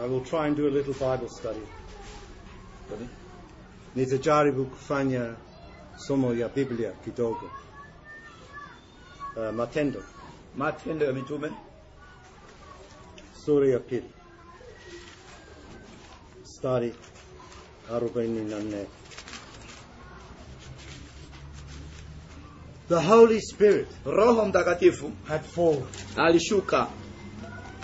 I will try and do a little Bible study. Study? Nitajaribu kufanya somo ya Biblia kidogo. Uh, matendo. Matendo ya Mitume. Sura ya pili. Stari arobaini na nne. The Holy Spirit, Roho Mtakatifu, had fallen. Alishuka.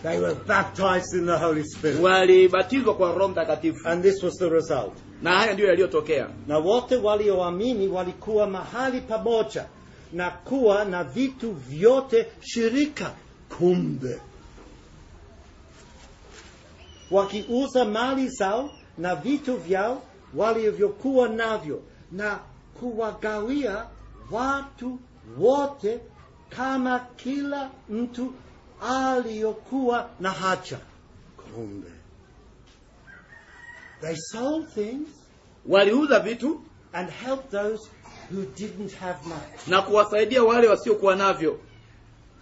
They were baptized in the Holy Spirit. Walibatizwa kwa Roho Mtakatifu. And this was the result. Na haya ndiyo yaliyotokea. Na wote walioamini walikuwa mahali pamoja na kuwa na vitu vyote shirika. Kumbe wakiuza mali zao na vitu vyao walivyokuwa navyo na kuwagawia watu wote kama kila mtu aliyokuwa na hacha. Kumbe they sold things, waliuza vitu and helped those who didn't have much. na kuwasaidia wale wasiokuwa navyo.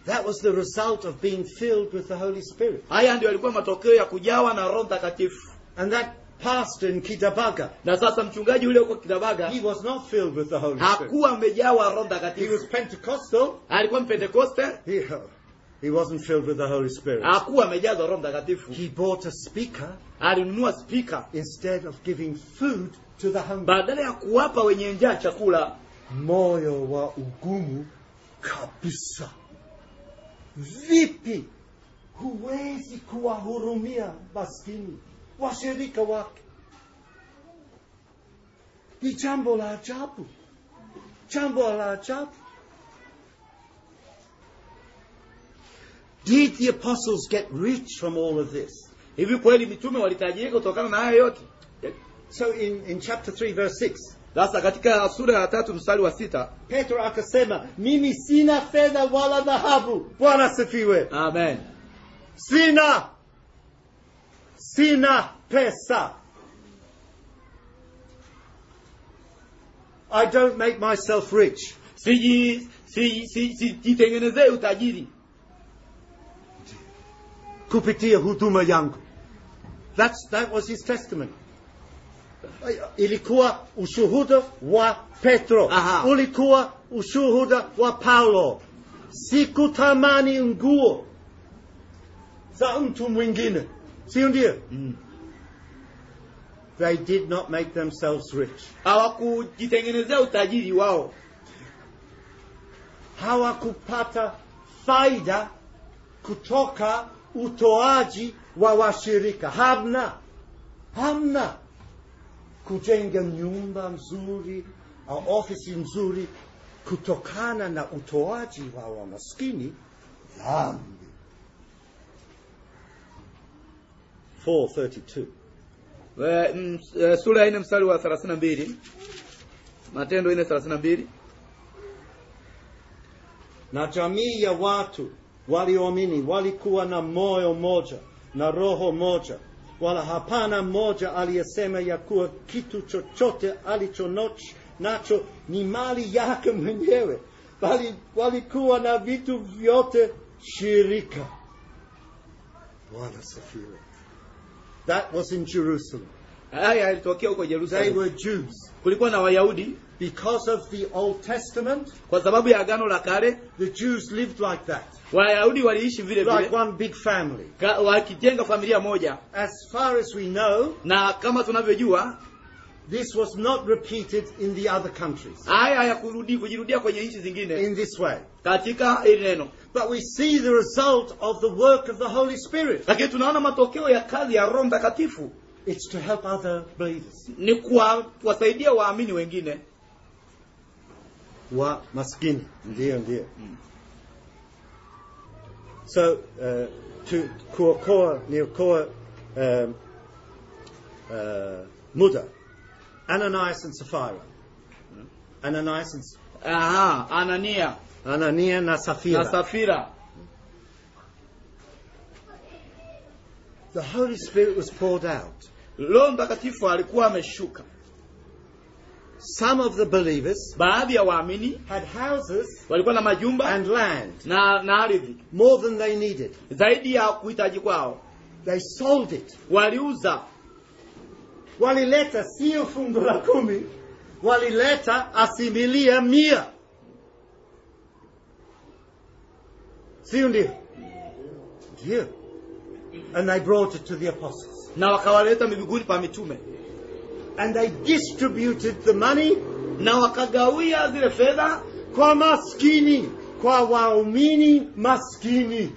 That was the result of being filled with the Holy Spirit. Haya ndio yalikuwa matokeo ya kujawa na Roho Mtakatifu. And that pastor in Kitabaga. Na sasa mchungaji yule huko Kitabaga. He was not filled with the Holy Spirit. Hakuwa amejawa Roho Mtakatifu. He was Pentecostal. Alikuwa Mpentekoste. Yeah. He wasn't filled with the Holy Spirit. He bought a speaker. speaker instead of giving food to the hungry. chakula. Moyo wa ugumu kabisa. Vipi huwezi kuwahurumia maskini washirika wake? Ni jambo la ajabu, jambo la ajabu. Did the apostles get rich from all of this? Hivi kweli mitume kutokana na haya yote? So in, in chapter 3 verse 6. Sasa katika sura ya mstari wa Petro akasema, mimi sina fedha wala dhahabu. Bwana sifiwe. Amen. Sina sina pesa. I don't make myself rich. Sijitengenezee si, si, si, utajiri kupitia huduma yangu. That's, that was his testimony. Ilikuwa ushuhuda wa Petro. Aha. Ulikuwa ushuhuda wa Paulo. Sikutamani nguo za mtu mwingine. Sio ndio? Mm. mm. They did not make themselves rich. Hawakujitengenezea utajiri wao. Hawakupata faida kutoka utoaji wa washirika. Hamna, hamna kujenga nyumba nzuri au ofisi nzuri kutokana na utoaji wa wamaskini dhambi. 432 mm, e, sura ya 4 mstari wa 32 Matendo 32 na jamii ya watu Wali wali walikuwa na moyo moja na roho moja wala hapana moja aliyesema ya kuwa kitu chochote alichonoch nacho ni mali yake mwenyewe bali walikuwa na vitu vyote shirika bwana sifiwe that was in jerusalem Haya yalitokea huko They Yerusalemu. were Jews. Kulikuwa na Wayahudi Because of the Old Testament, kwa sababu ya agano la kale. the Jews lived like that, Wayahudi waliishi vile like one big family. wakijenga familia moja, As far as we know, na kama tunavyojua this was not repeated in the other countries haya hayakurudi kujirudia kwenye nchi zingine in this way. katika neno, But we see the result of the work of the Holy Spirit. It's to help other believers. Ni kwa kuwasaidia waamini wengine. Wa maskini. Ndio ndio. Mm. So, uh, to kuokoa ni kuokoa um, uh, muda. Ananias and Sapphira. Mm. Ananias and Aha, Anania. Anania na Safira. Na Safira. The Holy Spirit was poured out. Roho Mtakatifu alikuwa ameshuka. Some of the believers baadhi ya waamini had houses walikuwa na majumba and land na, na ardhi more than they needed. Zaidi ya kuhitaji kwao. They sold it. Waliuza. Walileta sio fungu la kumi, walileta asimilia mia, sio ndio? Ndio. And they brought it to the apostles na wakawaleta miguuni pa mitume and I distributed the money na wakagawia zile fedha kwa maskini kwa waumini maskini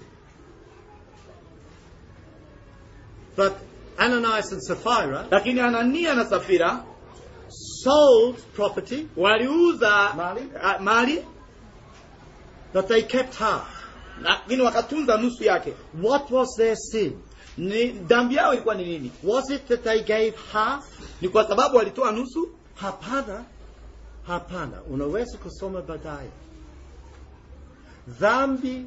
but Ananias and Sapphira lakini Anania na Safira sold property waliuza mali, mali that they kept half lakini wakatunza nusu yake what was their sin Ni dhambi yao ilikuwa ni nini? Was it that I gave half? Ni kwa sababu walitoa nusu? Hapana, hapana. Unaweza kusoma baadaye. Dhambi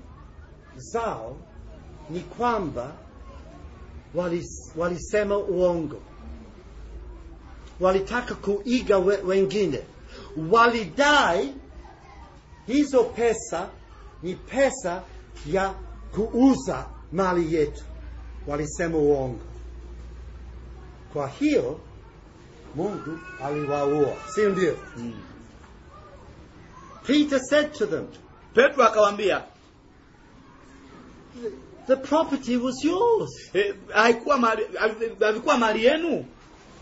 zao ni kwamba walisema walisema uongo, walitaka kuiga we, wengine, walidai hizo pesa ni pesa ya kuuza mali yetu walisema uongo. Kwa hiyo Mungu aliwaua, si ndio? Mm. Peter said to them, Petro akawaambia, the, the property was yours. Eh, havikuwa mali yenu.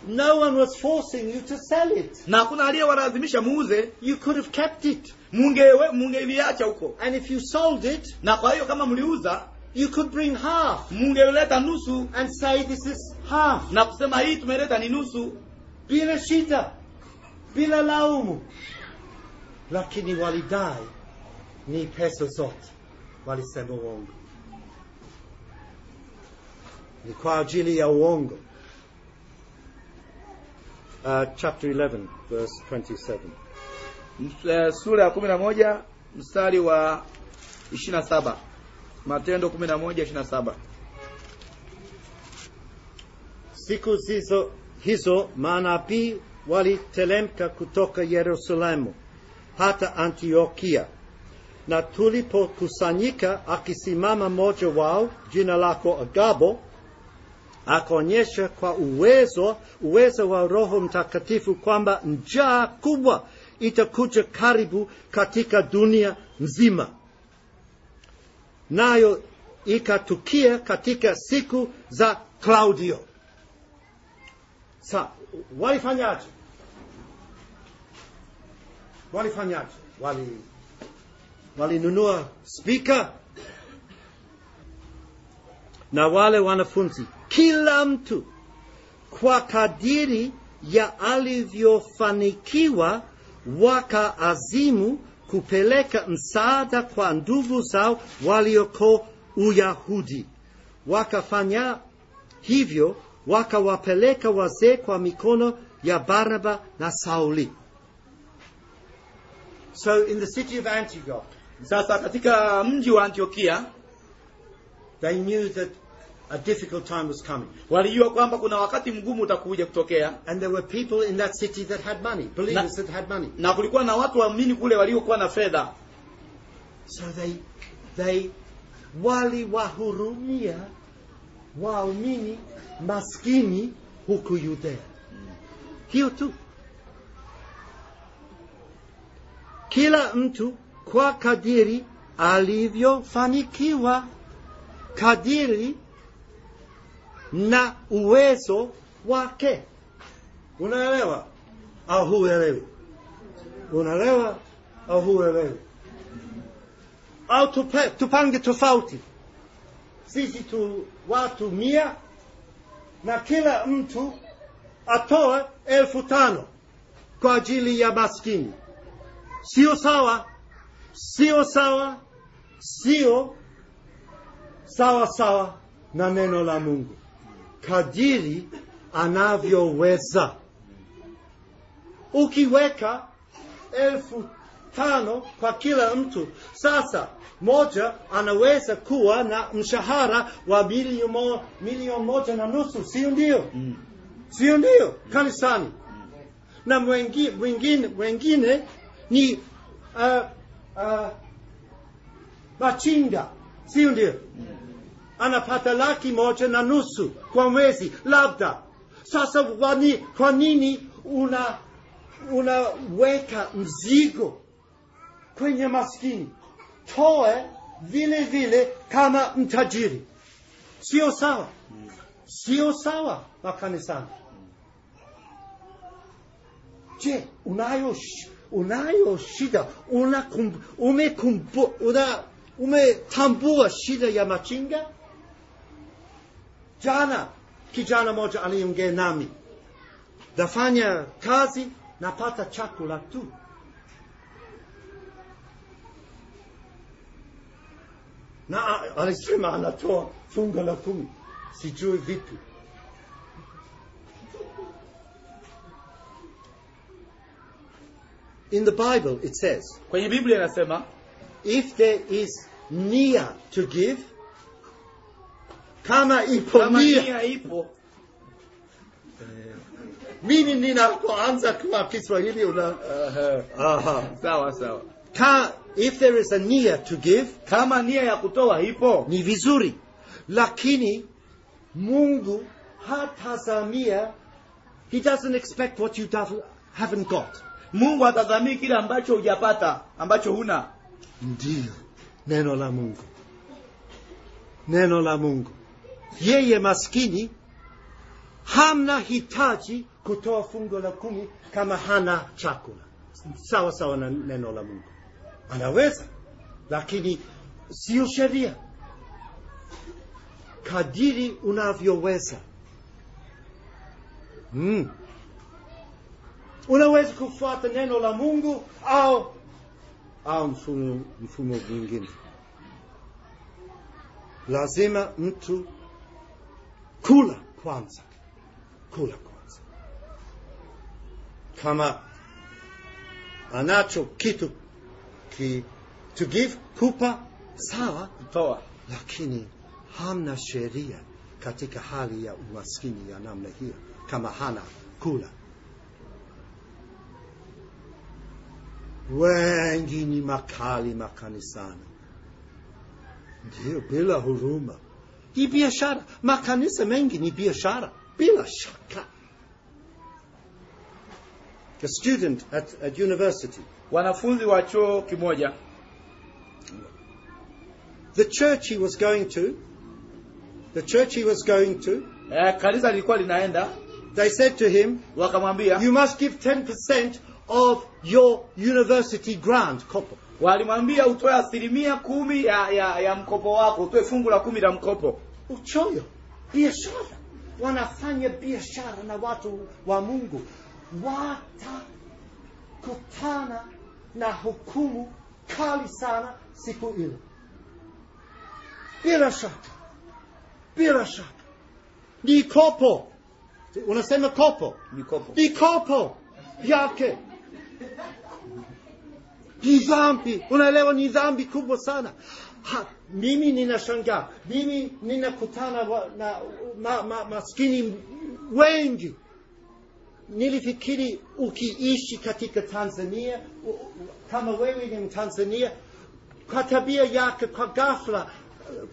No one was forcing you to sell it. Na hakuna aliyewalazimisha muuze. You could have kept it. Munge mungeviacha huko. And if you sold it, na kwa hiyo kama mliuza, You could bring half. Mungeleta nusu. And say this is half. Napsema kusema hii ni nusu. Bila shida. Bila laumu. Lakini walidai ni pesa zote. Walisema uongo. Ni kwa ajili ya uongo. Uh, chapter 11 verse 27. Uh, sura ya 11 mstari wa 27. Matendo 11:27 siku zizo hizo manabii walitelemka kutoka Yerusalemu hata Antiokia, na tulipokusanyika, akisimama mmoja wao jina lako Agabo, akaonyesha kwa uwezo uwezo wa Roho Mtakatifu kwamba njaa kubwa itakuja karibu katika dunia nzima nayo ikatukia katika siku za Klaudio. Sa walifanyaje? Walifanyaje? Wali walinunua spika na wale wanafunzi, kila mtu kwa kadiri ya alivyofanikiwa, wakaazimu kupeleka msaada kwa ndugu zao walioko Uyahudi. Wakafanya hivyo, wakawapeleka wazee kwa mikono ya Barnaba na Sauli. So in the city of Antioch, sasa katika mji wa Antiokia, they knew that A difficult time was coming. Walijua kwamba kuna wakati mgumu utakuja kutokea. And there were people in that city that had money, believers that had money. Na kulikuwa na watu waamini kule waliokuwa na fedha. So they they wali wahurumia waamini maskini huko Yudea. Hiyo tu. Kila mtu kwa kadiri alivyofanikiwa kadiri na uwezo wake. Unaelewa au huelewi? Unaelewa au huelewi? Au tupange tofauti, sisi tu watu mia na kila mtu atoe elfu tano kwa ajili ya maskini. Sio sawa, sio sawa, sio sawa sawa na neno la Mungu kadiri anavyoweza. Ukiweka elfu tano kwa kila mtu, sasa moja anaweza kuwa na mshahara wa milioni moja na nusu, sio ndio? Mm. sio ndio? Mm. Kanisani na mwengine wengine, ni uh, uh, machinga, sio ndio? Mm anapata laki moja na nusu kwa mwezi labda. Sasa wani, kwa nini una unaweka mzigo kwenye maskini? Toe vile vile kama mtajiri. Sio sawa, sio sawa makanisani. Je, unayo unayo shida una umetambua ume kumbu, una ume tambua shida ya machinga? Jana kijana moja aliongea nami, nafanya kazi napata chakula tu. Na alisema anatoa funga la kumi, sijui vipi. In the Bible it says, kwenye Biblia inasema, if there is nia to give kama ipo kama nia, nia ipo eh, mimi ninapoanza kwa Kiswahili una eh, eh, aha, sawa sawa. Ka, if there is a nia to give, kama nia ya kutoa ipo ni vizuri, lakini Mungu hatazamia, he doesn't expect what you haven't got. Mungu hatazamii kile ambacho hujapata, ambacho huna. Ndio neno la Mungu, neno la Mungu yeye maskini hamna hitaji kutoa fungo la kumi kama hana chakula, sawa sawa na neno la Mungu. Anaweza, lakini sio sheria. Kadiri unavyoweza. Mm. Unaweza kufuata neno la Mungu au au mfumo mfumo mwingine. Lazima mtu kula kwanza, kula kwanza. Kama anacho kitu ki to give, kupa sawa, toa, lakini hamna sheria katika hali ya umaskini ya namna hiyo, kama hana kula. Wengi ni makali makanisani, ndio bila huruma ni biashara. Makanisa mengi ni biashara, bila shaka. A student at, at university. Wanafunzi wa chuo kimoja. The church he was going to, the church he was going to, eh, kanisa lilikuwa linaenda. They said to him, wakamwambia, you must give 10% of your university grant kopo. Walimwambia utoe asilimia kumi ya, ya, ya mkopo wako, utoe fungu la kumi la mkopo uchoyo, biashara, wanafanya biashara na watu wa Mungu, watakutana na hukumu kali sana siku ile, bila shaka, bila shaka. Ni kopo, unasema kopo, ni kopo yake ni dhambi. Unaelewa, ni dhambi kubwa sana ha, mimi ninashangaa, mimi ninakutana na ma, ma, maskini wengi. Nilifikiri ukiishi katika Tanzania u, kama wewe ni Mtanzania, kwa tabia yako, kwa ghafla,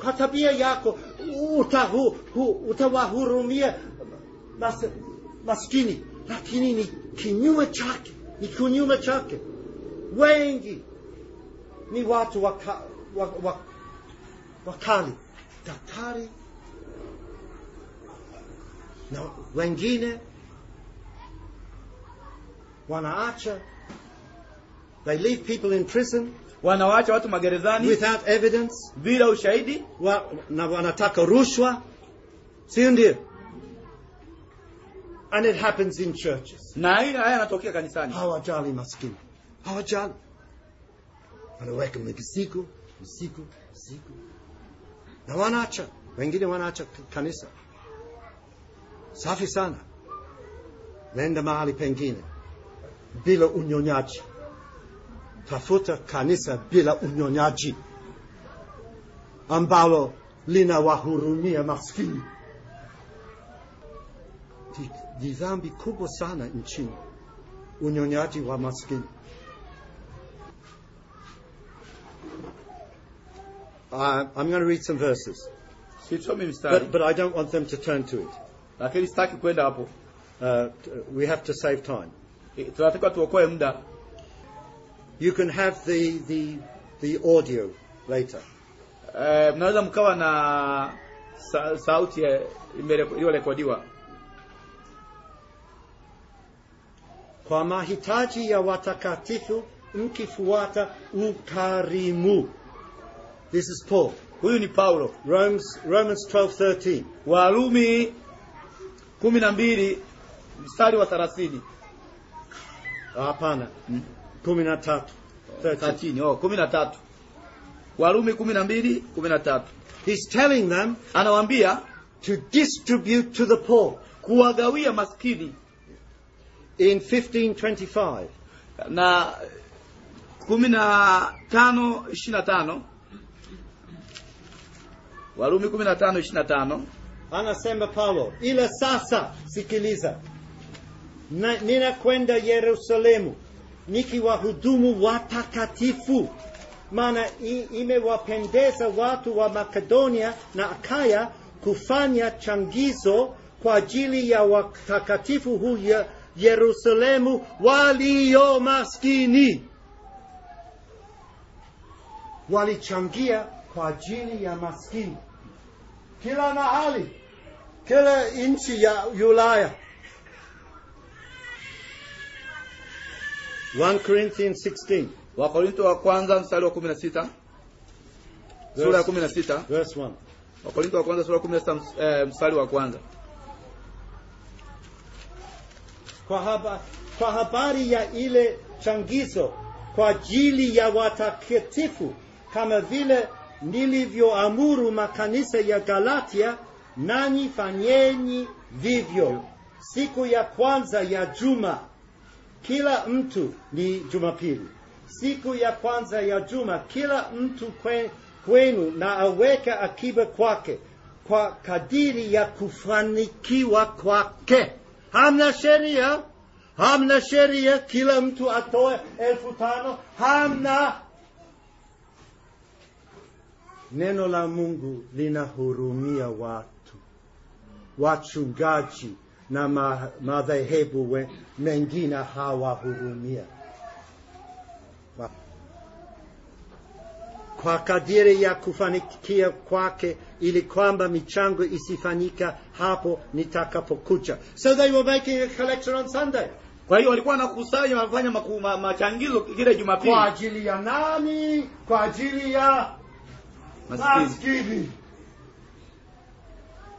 kwa tabia yako utahu, hu, utawahurumia mas, maskini, lakini ni kinyume chake, ni kinyume chake. Wengi ni watu wa wakali wa, wa Tatari na wengine wanaacha they leave people in prison wanawacha watu magerezani without evidence bila ushahidi wa, na wanataka rushwa sio ndio and it happens in churches na haya yanatokea kanisani hawajali maskini hawajali wanaweka mizigo siku usiku na wanaacha wengine, wanaacha kanisa. Safi sana, nenda mahali pengine bila unyonyaji, tafuta kanisa bila unyonyaji ambalo linawahurumia maskini. Ni dhambi kubwa sana nchini, unyonyaji wa maskini. Uh, I'm going to read some verses. But, but, I don't want them to turn to it. Uh, we have to save time. Eh, you can have the, the, the audio later. Eh, kwa mahitaji ya watakatifu mkifuata ukarimu This is Paul. Huyu ni Paulo. Romans, Romans 12:13. Warumi 12 mstari wa 30. Hapana. Hmm. 13. 13. Oh, 13. Warumi 12 13. He's telling them anawaambia to distribute to the poor. Kuwagawia maskini. In 1525. Na 15 Warumi 15:25 anasema Paulo, ila sasa sikiliza, ninakwenda Yerusalemu nikiwahudumu watakatifu, maana imewapendeza watu wa Makedonia na Akaya kufanya changizo kwa ajili ya watakatifu hu Yerusalemu walio maskini. Walichangia kwa ajili ya maskini. Kila mahali, kila nchi ya Ulaya. 1 Corinthians 16 Wakorinto wa kwanza mstari wa 16 sura ya 16 verse 1 Wakorinto wa kwanza sura ya 16 eh, mstari wa kwanza kwa, haba, kwa habari ya ile changizo kwa ajili ya watakatifu kama vile nilivyoamuru makanisa ya Galatia, nanyi fanyeni vivyo. Siku ya kwanza ya juma, kila mtu ni Jumapili. Siku ya kwanza ya juma, kila mtu kwenu na aweke akiba kwake kwa kadiri ya kufanikiwa kwake. Hamna sheria, hamna sheria, kila mtu atoe elfu tano. Hamna neno la Mungu linahurumia watu, wachungaji na madhehebu mengine hawahurumia kwa kadiri ya kufanikia kwake, ili kwamba michango isifanyika hapo nitakapokucha. So they were making a collection on Sunday. Kwa hiyo walikuwa nakusanya wanafanya machangizo kile Jumapili. Kwa ajili ya nani? Kwa ajili ya maskini.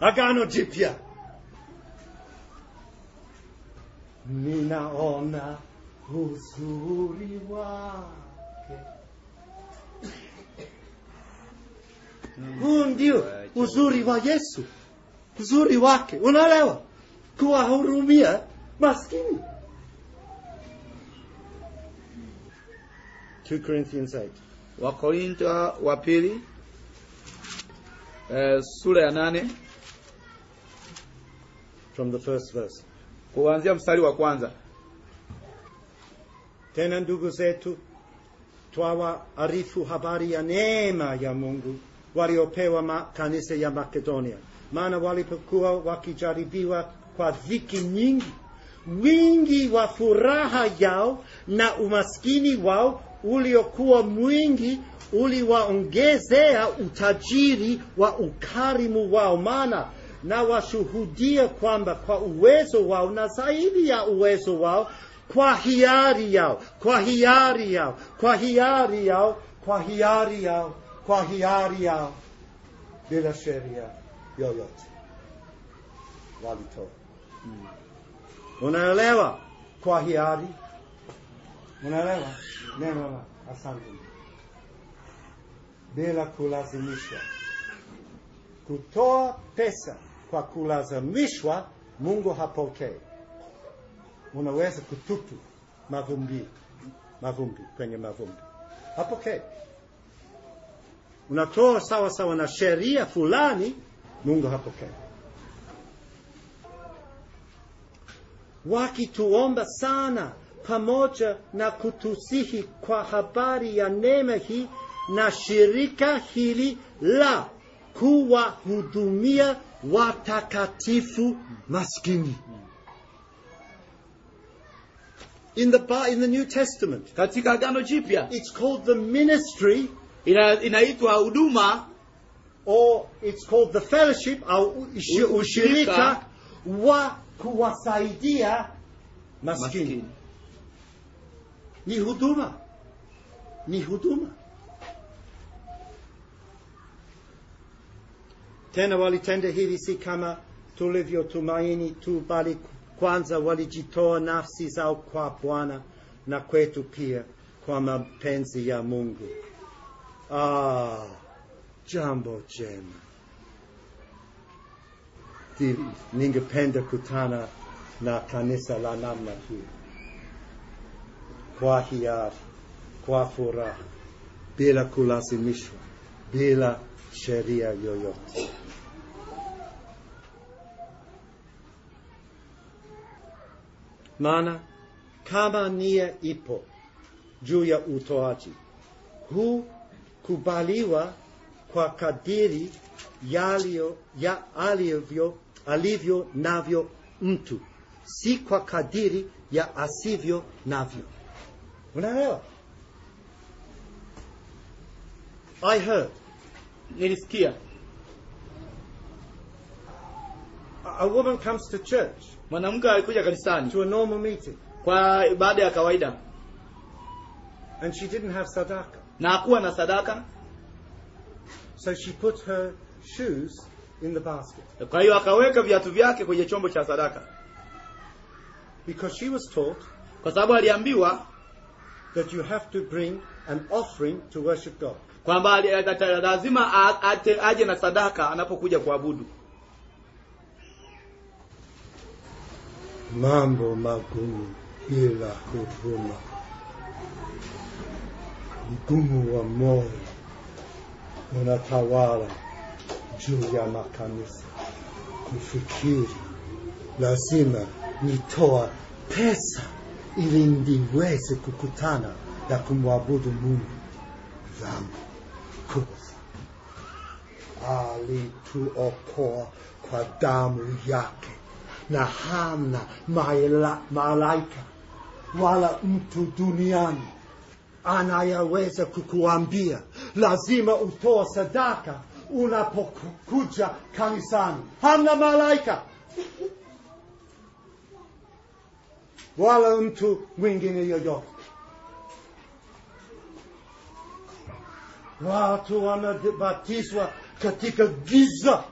Agano Jipya, ninaona uzuri wake. Huu ndio uzuri wa Yesu, uzuri wake, unaelewa, kuwahurumia maskini. 2 Corinthians 8. wa pili Eh, sura ya nane from the first verse. Kuanzia mstari wa kwanza. Tena ndugu zetu arifu habari ya neema ya Mungu waliopewa makanisa ya Makedonia, maana walipokuwa wakijaribiwa kwa dhiki nyingi, wingi wa furaha yao na umaskini wao uliokuwa mwingi uliwaongezea utajiri wa ukarimu wao, maana na washuhudia kwamba kwa uwezo wao na zaidi ya uwezo wao, kwa hiari yao, kwa hiari yao, kwa hiari yao, kwa hiari yao, kwa hiari yao, bila sheria yoyote walitoa. Hmm. Unaelewa? Kwa hiari unaelewa neno la asante bila kulazimishwa kutoa pesa kwa kulazimishwa mungu hapokee unaweza kututu mavumbi mavumbi kwenye mavumbi hapokee unatoa sawa sawa na sheria fulani mungu hapokee wakituomba sana pamoja na kutusihi kwa habari ya neema hii na shirika hili la kuwahudumia watakatifu maskini. In the, in the New Testament, katika Agano Jipya, it's called the ministry, inaitwa ina, huduma or it's called the fellowship au ushirika wa kuwasaidia maskini. maskini. Ni huduma, ni huduma. Tena walitenda hivi si kama tulivyotumaini tu, bali kwanza walijitoa nafsi zao kwa Bwana na kwetu pia kwa mapenzi ya Mungu. Ah, jambo jema. Ningependa kutana na kanisa la namna hii kwa hiari, kwa furaha, bila kulazimishwa, bila sheria yoyote. Maana kama nia ipo juu ya utoaji, hukubaliwa kwa kadiri yalio, ya alivyo, alivyo navyo mtu, si kwa kadiri ya asivyo navyo. Well, no, no. I heard it is clear. A woman comes to church to a normal meeting kwa ibada ya kawaida and she didn't have sadaka na hakuwa na sadaka so she put her shoes in the basket kwa hiyo akaweka viatu vyake kwenye chombo cha sadaka because she was taught kwa sababu aliambiwa that you have to bring an offering to worship God. Kwamba eh, eh, lazima aje na sadaka anapokuja kuabudu. Mambo magumu bila huruma, mgumu wa moyo unatawala juu ya makanisa kufikiri lazima nitoa pesa ili ndiweze kukutana na kumwabudu Mungu zangu kubwa Alituokoa kwa damu yake, na hamna malaika wala mtu duniani anayeweza kukuambia lazima utoa sadaka unapokuja kanisani. Hamna malaika wala mtu mwingine yoyote. Watu wanabatizwa katika giza,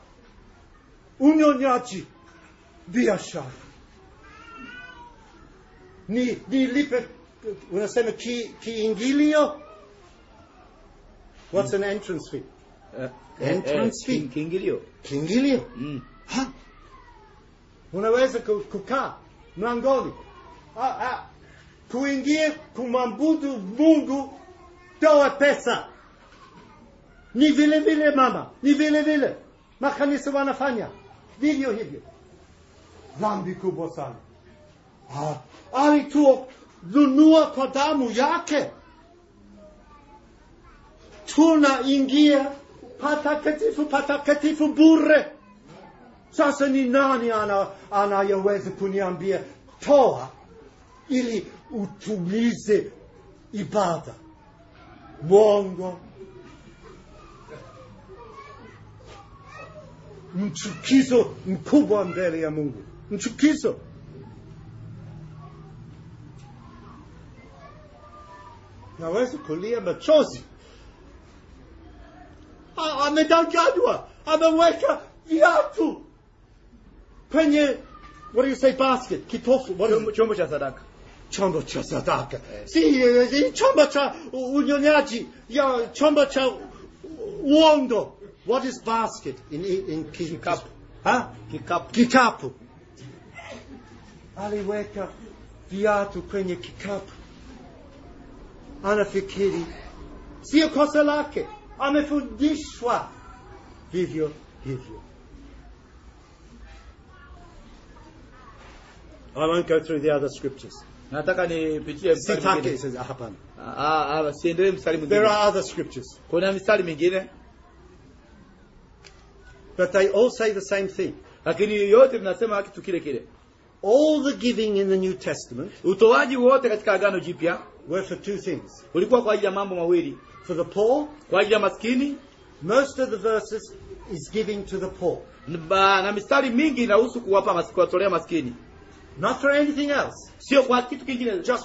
unyonyaji, biashara. Ni nilipe, unasema ki, kiingilio, what's an entrance fee? Uh, entrance eh, fee, kiingilio, kiingilio. Mm. Ha? Unaweza kukaa mlangoni Ah, ah. tuingie kumwabudu Mungu, toa pesa. Ni vile vile mama, ni vile vile makanisa wanafanya vivyo hivyo. Dhambi kubwa sana. Ah, alituonunua kwa damu yake. Tunaingia patakatifu patakatifu bure. Sasa ni nani anayeweza ana kuniambia toa ili utumize ibada. Mwongo. Mchukizo mkubwa mbele ya Mungu. Mchukizo. Naweza kulia machozi. Amedanganywa, ameweka viatu kwenye what do you say basket, kitofu, chombo cha sadaka Si eh, eh, Ciąbocia zadaka. unyonyaji. Ya Ja ciąbocia uondo. What is basket in in Kikapu? Huh? Kikapu. Kikapu. Aliweka viatu kwenye kikapu. Anafikiri sio kosa lake, amefundishwa vivyo hivyo. I won't go through the other scriptures. nataka nipitie mstari mwingine. Sitaki, hapana. Ah, ah, ah, siendelee mstari mwingine. There are other scriptures. Kuna mistari mingine. But they all say the same thing. Lakini yote mnasema kitu kile kile. All the giving in the New Testament utoaji wote katika Agano Jipya were for two things. Ulikuwa kwa ajili ya mambo mawili. For the poor, kwa ajili ya maskini. Most of the verses is giving to the poor. Na mistari mingi inahusu kuwapa maskini, kuwatolea maskini. Not for anything else. just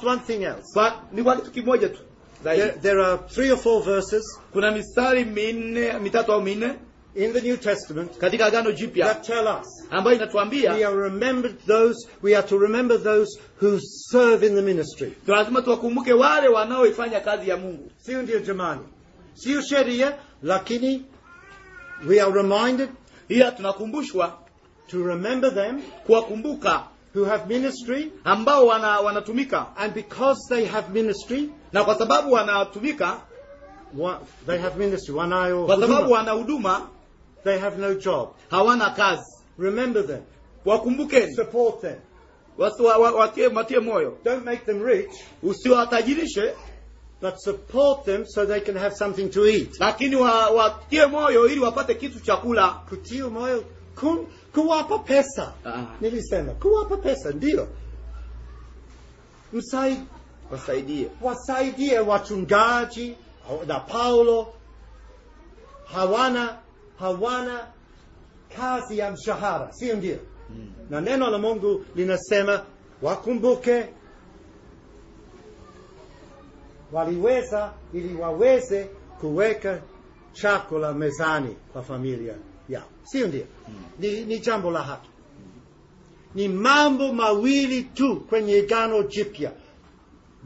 one thing else. But There, there are three or four verses. in the New Testament that tell us ah, we are remembered those we are to remember those who serve in the ministry. wanaoifanya kazi Sio sheria lakini we are reminded hiya tunakumbushwa to remember them who have ministry ambao wana, wanatumika and because they have ministry na kwa sababu wanatumika wa, they have ministry wanayo kwa sababu wana huduma they have no job hawana kazi remember them support them watie moyo don't make them rich usiwatajirishe but support them so they can have something to eat. Lakini moyo ili wapate kitu moyo kuwapa pesa ah, ah. Nilisema kuwapa pesa ndio msai wasaidie, wasaidie wachungaji na Paulo hawana hawana kazi ya mshahara, sio ndio? Hmm. Na neno la Mungu linasema wakumbuke waliweza ili waweze kuweka chakula mezani kwa familia yao, sio ndio? Hmm. Ni, ni jambo la haki Ni mambo mawili tu kwenye gano Jipya.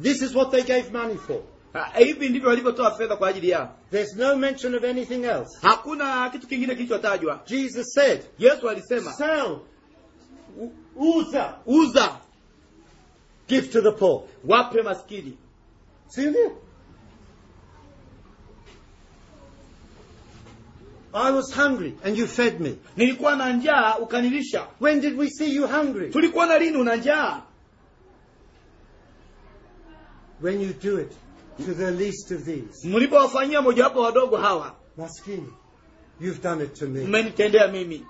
This is what they gave money for. Ah, eh, hivi ndivyo walivyotoa fedha kwa ajili yao. There's no mention of anything else. Hakuna kitu kingine kilichotajwa. Jesus said, Yesu alisema, sell, uza, uza, give to the poor, wape maskini, si ndio? I was hungry and you fed me. Nilikuwa na njaa ukanilisha. When did we see you hungry? Tulikuwa na lini una njaa? When you do it to the least of these. Mlipowafanyia mojawapo wadogo hawa. Maskini. You've done it to me. Mmenitendea mimi.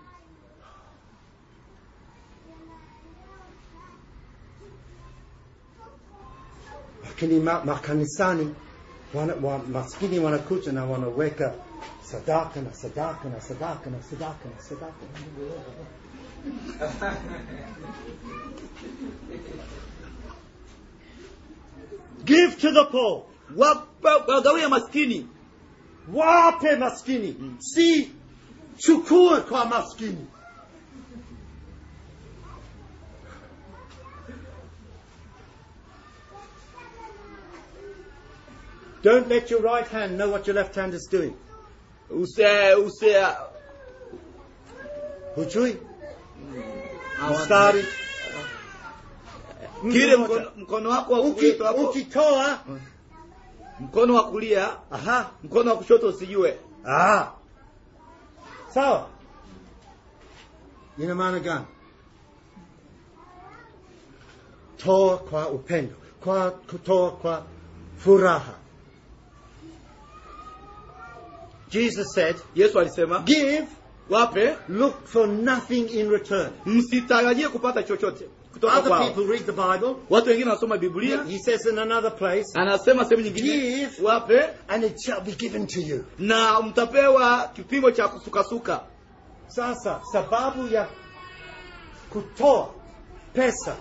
Lakini makanisani maskini wanakuja na wanaweka Sadakana, Sadakana, Sadakana, Sadakana, Sadakana. Give to the poor. Wagawie maskini. Wape maskini. Hmm. Si chukue kwa maskini. Don't let your right hand know what your left hand is doing. usi, usi, uh, hujui ah, mstari kile mkono, mkono wako uki ukitoa mkono wa kulia aha, mkono wa kushoto usijue. ah sawa. Ina maana gani? Toa kwa upendo, kwa kutoa kwa furaha Jesus said, Yesu alisema, give, wape, look for nothing in return. Msitarajie kupata chochote Other people read the Bible. Watu wengine wanasoma Biblia. He says in another place. Anasema sehemu nyingine, give, wape, and it shall be given to you. Na mtapewa kipimo cha kusukasuka. Sasa sababu ya kutoa pesa,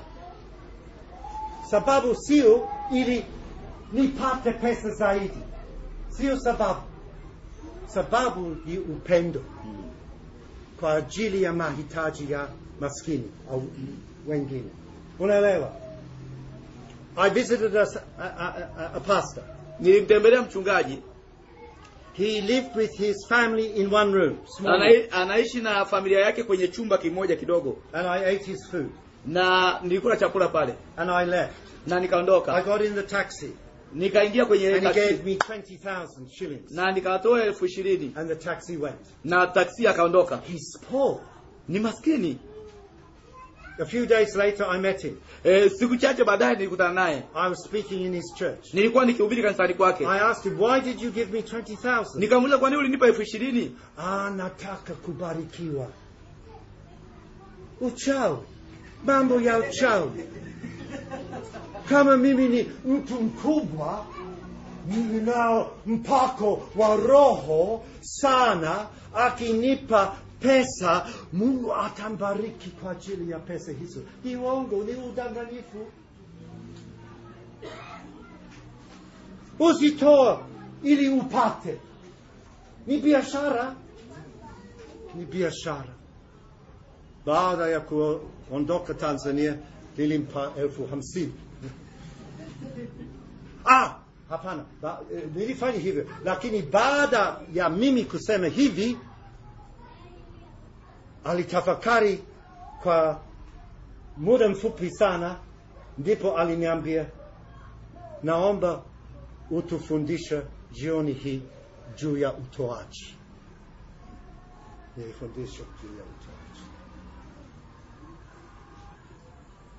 sababu sio ili nipate pesa zaidi, sio sababu sababu ni upendo kwa ajili ya mahitaji ya maskini au wengine. Unaelewa? I visited a, a, a, a pastor. Nilimtembelea mchungaji. He lived with his family in one room. Ana, anaishi na familia yake kwenye chumba kimoja kidogo. And I ate his food. Na nilikula chakula pale. And I left. Na nikaondoka. I got in the taxi nikaingia kwenye na nikatoa elfu ishirini na taksi akaondoka. Ni maskini. A few days later I met him. Eh, siku chache baadaye nilikutana naye. I was speaking in his church. Nilikuwa nikihubiri kanisani kwake. I asked him, "Why did you give me 20,000?" Nikamuuliza kwa nini ulinipa elfu Ah, nataka kubarikiwa. Uchao. Mambo ya uchao kama mimi ni mtu mkubwa ninao mpako wa roho sana, akinipa pesa, Mungu atambariki kwa ajili ya pesa hizo. Ni wongo ni udanganyifu. Usitoa ili upate, ni biashara, ni biashara. Baada ya kuondoka Tanzania, nilimpa elfu hamsini ah, hapana, e, nilifanya hivyo, lakini baada ya mimi kusema hivi, alitafakari kwa muda mfupi sana, ndipo aliniambia, naomba utufundisha jioni hii juu ya utoaji. Nilifundisha juu ya utoaji.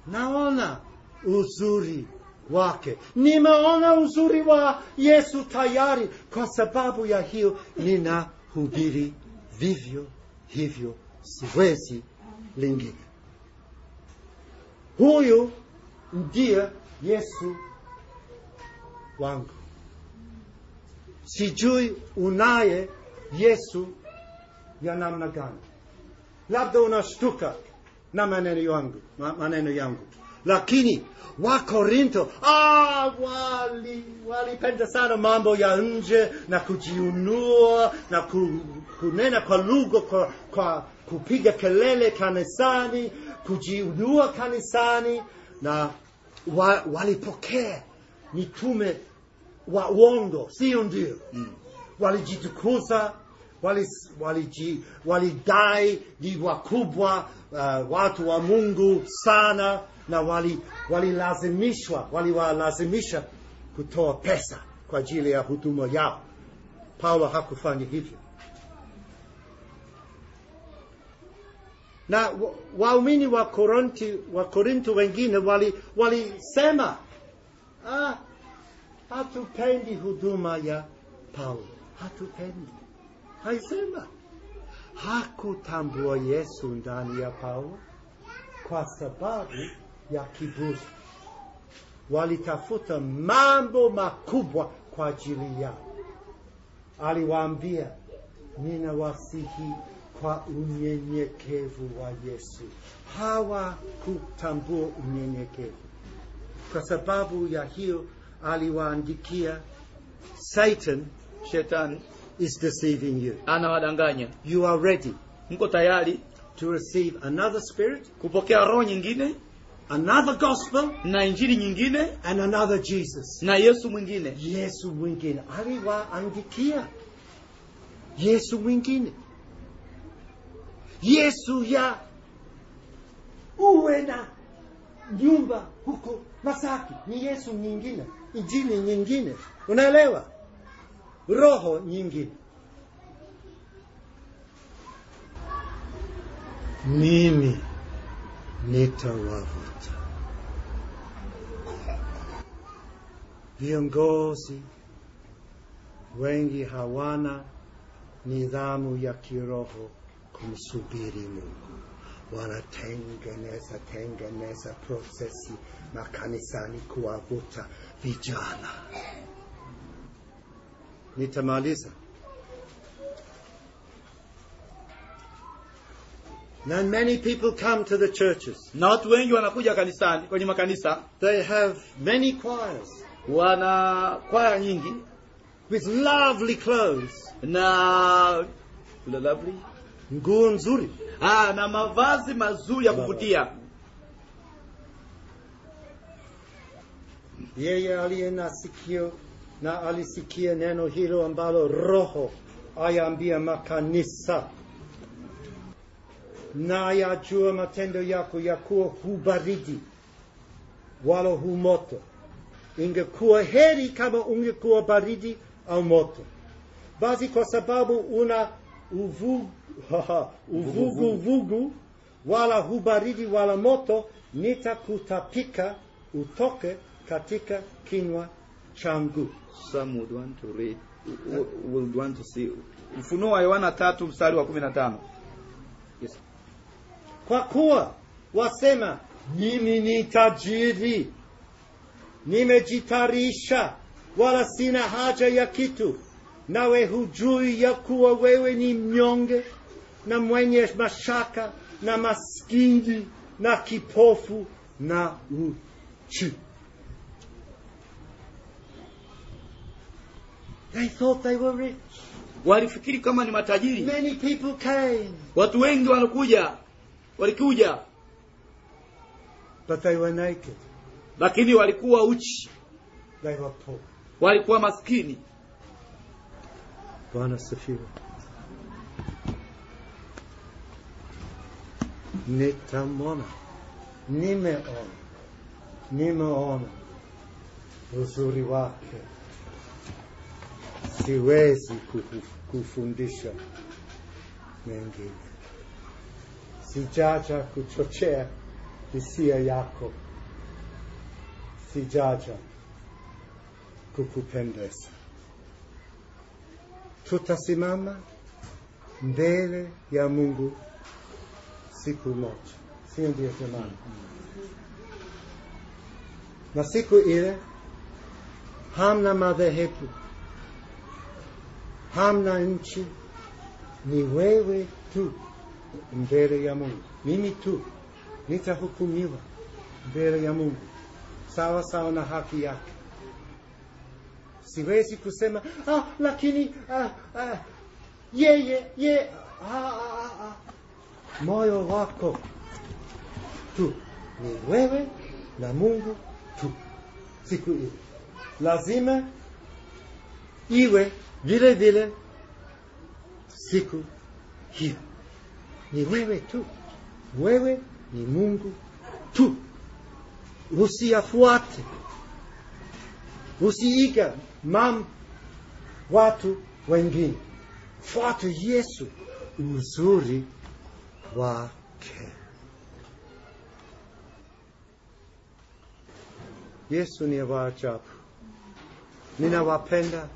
Naona uzuri wake. Nimeona uzuri wa Yesu tayari, kwa sababu ya hiyo ninahubiri vivyo hivyo, siwezi lingine. Huyu ndiye Yesu wangu. Sijui unaye Yesu ya namna gani, labda unashtuka na maneno yangu, maneno yangu lakini Wakorinto ah, walipenda wali sana mambo ya nje na kujiunua na ku, kunena kwa lugha kwa, kwa kupiga kelele kanisani, kujiunua kanisani, na wa, walipokea mitume wa uongo, sio ndio? mm. Walijitukuza, walidai wali wali ni wakubwa, uh, watu wa Mungu sana na walilazimishwa wali waliwalazimisha kutoa pesa kwa ajili ya huduma yao. Paulo hakufanya hivyo, na waumini wa Korinti wa Korinto wengine walisema wali ah, hatupendi huduma ya Paulo, hatupendi. Haisema hakutambua Yesu ndani ya Paulo kwa sababu ya kiburi, walitafuta mambo makubwa kwa ajili yao. Aliwaambia, ninawasihi kwa unyenyekevu wa Yesu. Hawakutambua unyenyekevu. Kwa sababu ya hiyo, aliwaandikia Satan, shetani is deceiving you, anawadanganya. You are ready, mko tayari to receive another spirit, kupokea roho nyingine another gospel na injili nyingine and another Jesus na Yesu mwingine Yesu mwingine aliwaandikia Yesu mwingine Yesu ya uwe na nyumba huko Masaki ni Yesu nyingine, injili nyingine, unaelewa, roho nyingine. Mimi nitawavuta. Viongozi wengi hawana nidhamu ya kiroho kumsubiri Mungu, wanatengeneza tengeneza prosesi makanisani kuwavuta vijana. Nitamaliza Now many people come to the churches. Na watu wengi wanakuja kanisani, kwenye makanisa. They have many choirs. Wana kwaya nyingi. With lovely clothes. Na lovely nguo nzuri. Ah, na mavazi mazuri ya kuvutia. Yeye aliye na sikio na alisikia neno hilo ambalo Roho ayaambia makanisa na yajua matendo yako ya kuwa wala hu moto. Ingekuwa heri kama ungekuwa baridi au moto. Basi kwa sababu una uvugu, uvuguvugu wala hubaridi wala moto, nitakutapika utoke katika kinwa changu. Some would want to read, would want to see. Ufunuo wa Yohana tatu mstari wa kumi na tano kwa kuwa wasema, mimi ni tajiri, nimejitarisha, wala sina haja ya kitu, nawe hujui ya kuwa wewe ni mnyonge na mwenye mashaka na maskini na kipofu na uchi. They thought they were rich. Walifikiri kama ni matajiri. Many people came. Watu wengi wanakuja walikuja But they were naked. Lakini walikuwa uchi. They were poor. Walikuwa maskini. Bwana sifiwe. Nitamona, nimeona, nimeona uzuri wake, siwezi kufundisha mengine sijaja kuchochea isia yako, sijaja kukupendeza. Tutasimama ndele ya Mungu siku moja, si ndio jamani? Na siku ile hamna madhehebu, hamna nchi, ni wewe tu. mbele ya Mungu, mimi tu nitahukumiwa mbele ya Mungu sawa sawa na haki yake. Siwezi kusema ah, lakini ah, ah, ye, ye, ye, ah, ah, ah, ah. ah. Moyo wako tu ni wewe na Mungu tu. Siku ile lazima iwe vile vile siku hiyo. ni wewe tu, wewe ni Mungu tu. Usiafuate, usiiga mam watu wengine, fuata Yesu uzuri wake. Yesu ni wa ajabu, ninawapenda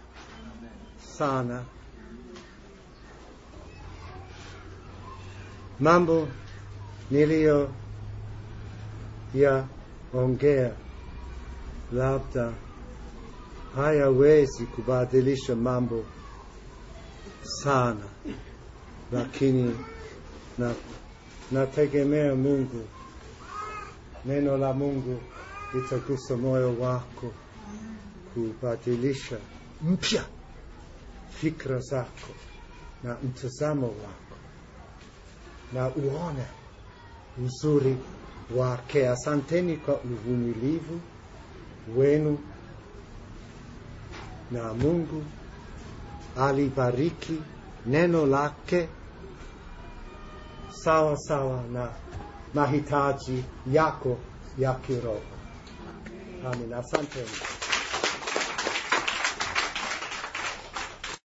sana. mambo niliyo ya ongea labda hayawezi kubadilisha mambo sana, lakini na nategemea Mungu. Neno la Mungu litagusa moyo wako kubadilisha mpya fikra zako na mtazamo wako na uone uzuri wake. Asanteni kwa uvumilivu wenu, na Mungu alibariki neno lake sawa sawa na mahitaji yako ya kiroho. Amin. Asanteni.